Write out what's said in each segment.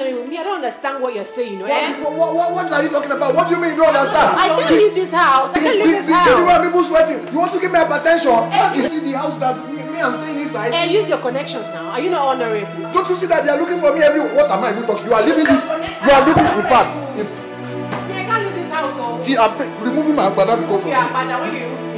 wondering me. I don't understand what you're saying. What, eh? what, what, what are you talking about? What do you mean you don't understand? I can't leave this house. I can't leave this, this house. You see where people sweating? You want to give me hypertension? Eh, can't you see the house that me, me I'm staying inside? Eh, use your connections now. Are you not honorable? Don't you see that they are looking for me every? What am I even talking? You are leaving this. You are looking. In fact, if, oh. see, I'm removing my agbada because of. Yeah, agbada when you remove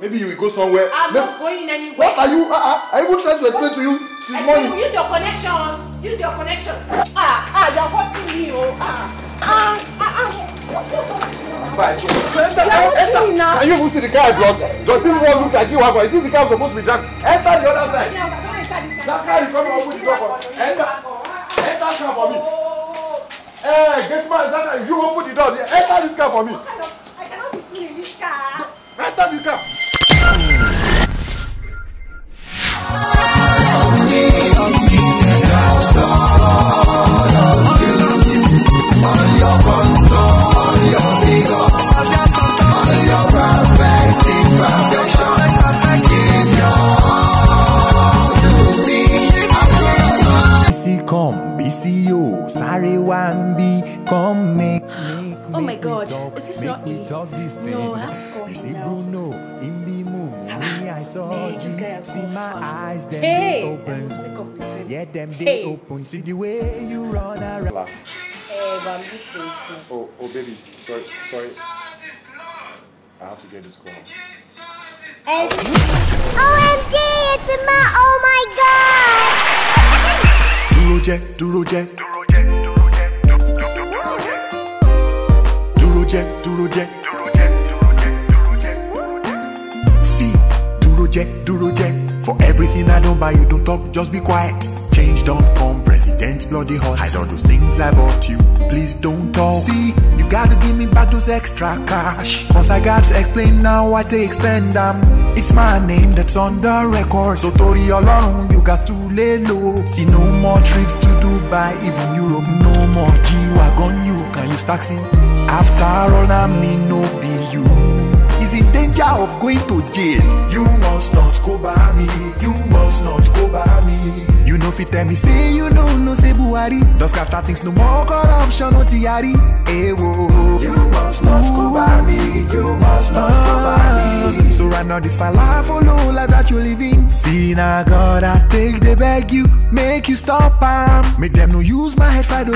maybe you will go somewhere. I'm maybe, not going anywhere. What are you? Uh, uh, I even tried to explain to you this I morning. Use your connections. Use your connection. Ah, ah, you're hurting me, oh. Ah, ah, ah. Fine, ah. so enter, enter. Can you even see the car I blocked? Does this one look like you have? Is this the car supposed to be drunk? Enter the other side. That car is coming open the door for. Enter. Enter car for me. Oh. Hey, get my. You open the door. Enter this car for me. Come make ah. me. Oh my god, talk, is this not me? Talk this no, I have to call him. now. in the moon. Me, ah. I saw you. See my eyes, them hey. open. Yeah, them they open. See the way you run around. Oh, oh, baby, sorry, sorry. I have to get this call. OMG, it's in my, oh my god! Doodle-jack, doodle-jack See, duro jack duro jack For everything I don't buy, you don't talk, just be quiet Change don't come, president bloody hot Hide all those things I bought you, please don't talk See, you gotta give me back those extra cash Cause I gotta explain now what they expend them It's my name that's on the record So all alone, you got to lay low See no more trips to Dubai, even Europe No more G-Wagon, you can use taxi After all, I'm me no be you. Is in danger of going to jail. You must not go by me. You must not go by me. You know fit tell me say you know no say Buhari. Don't scatter things no more corruption no tiari. Hey, eh, whoa. You must not go by me. You must not go by me. So right now, this fine life, for oh, no, life that you living. See now, God, I take they beg you, make you stop am. Make them no use my head fight do.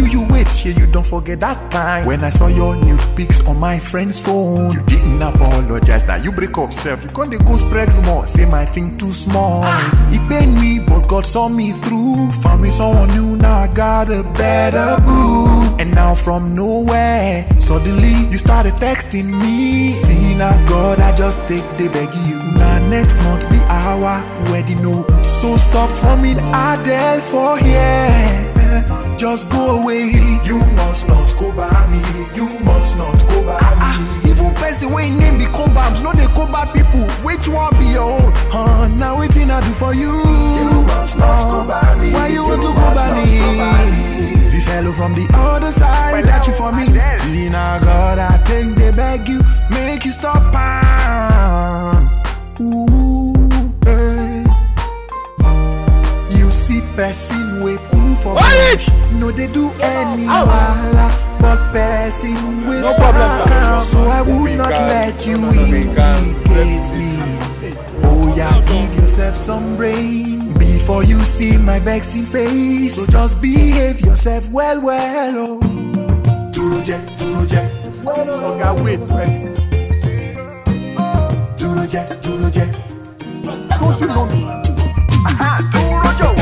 You you wait here, you don't forget that time when I saw your nude pics on my friend's phone. You didn't apologize, now you break up self. You can't go spread rumor, say my thing too small. He It me, but God saw me through. Found me someone new, now I got a better boo. And now from nowhere, suddenly suddenly you started texting me see now, god i just take the beg you na next month be our wedding no. Oh. so stop forming adele for here just go away you must not go by me you must not go by ah, ah. me even person wey name be cobams no dey coba people. which one be your own huh, na wetin i do for you you must not go Person wey pun for bush no dey do any But person so I would not let you implicate me Oya oh, give yourself some brain before you see my vexing face So just behave yourself well well oh, oh. oga wait wait don't you know me?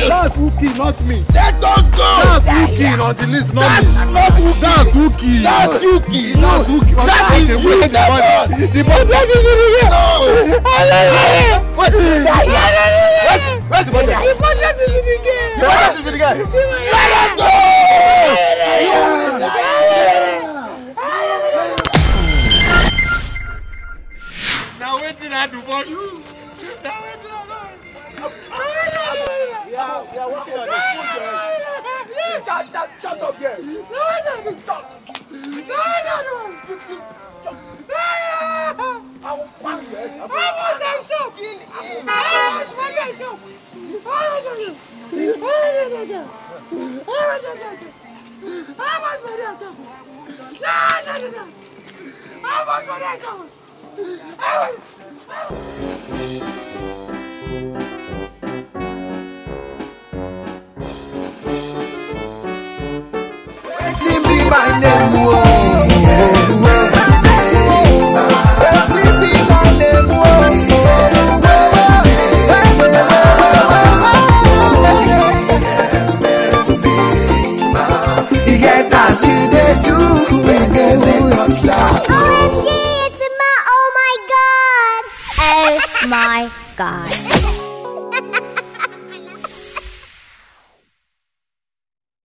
you. That's Wookie, not me. Let us go. That's Wookie not the least, not That's me. Not Wookie. That's Wookie. That's Wookie. That's Wookie. That is you. That is you. That is you. No. Hallelujah. What is it? Where's the boss? The podcast is in the game. The podcast is in the game. Let us go. Now waiting at the for you. Yeah, yeah, what's your name? Shut up, shut up, yeah. No, no, no, stop. No, no, no. I will find you. I was a shop. I was my shop. I was a shop. I was a shop. I was a shop. I was my dad. No, no, no, no. I was my dad. I was. I was. my name.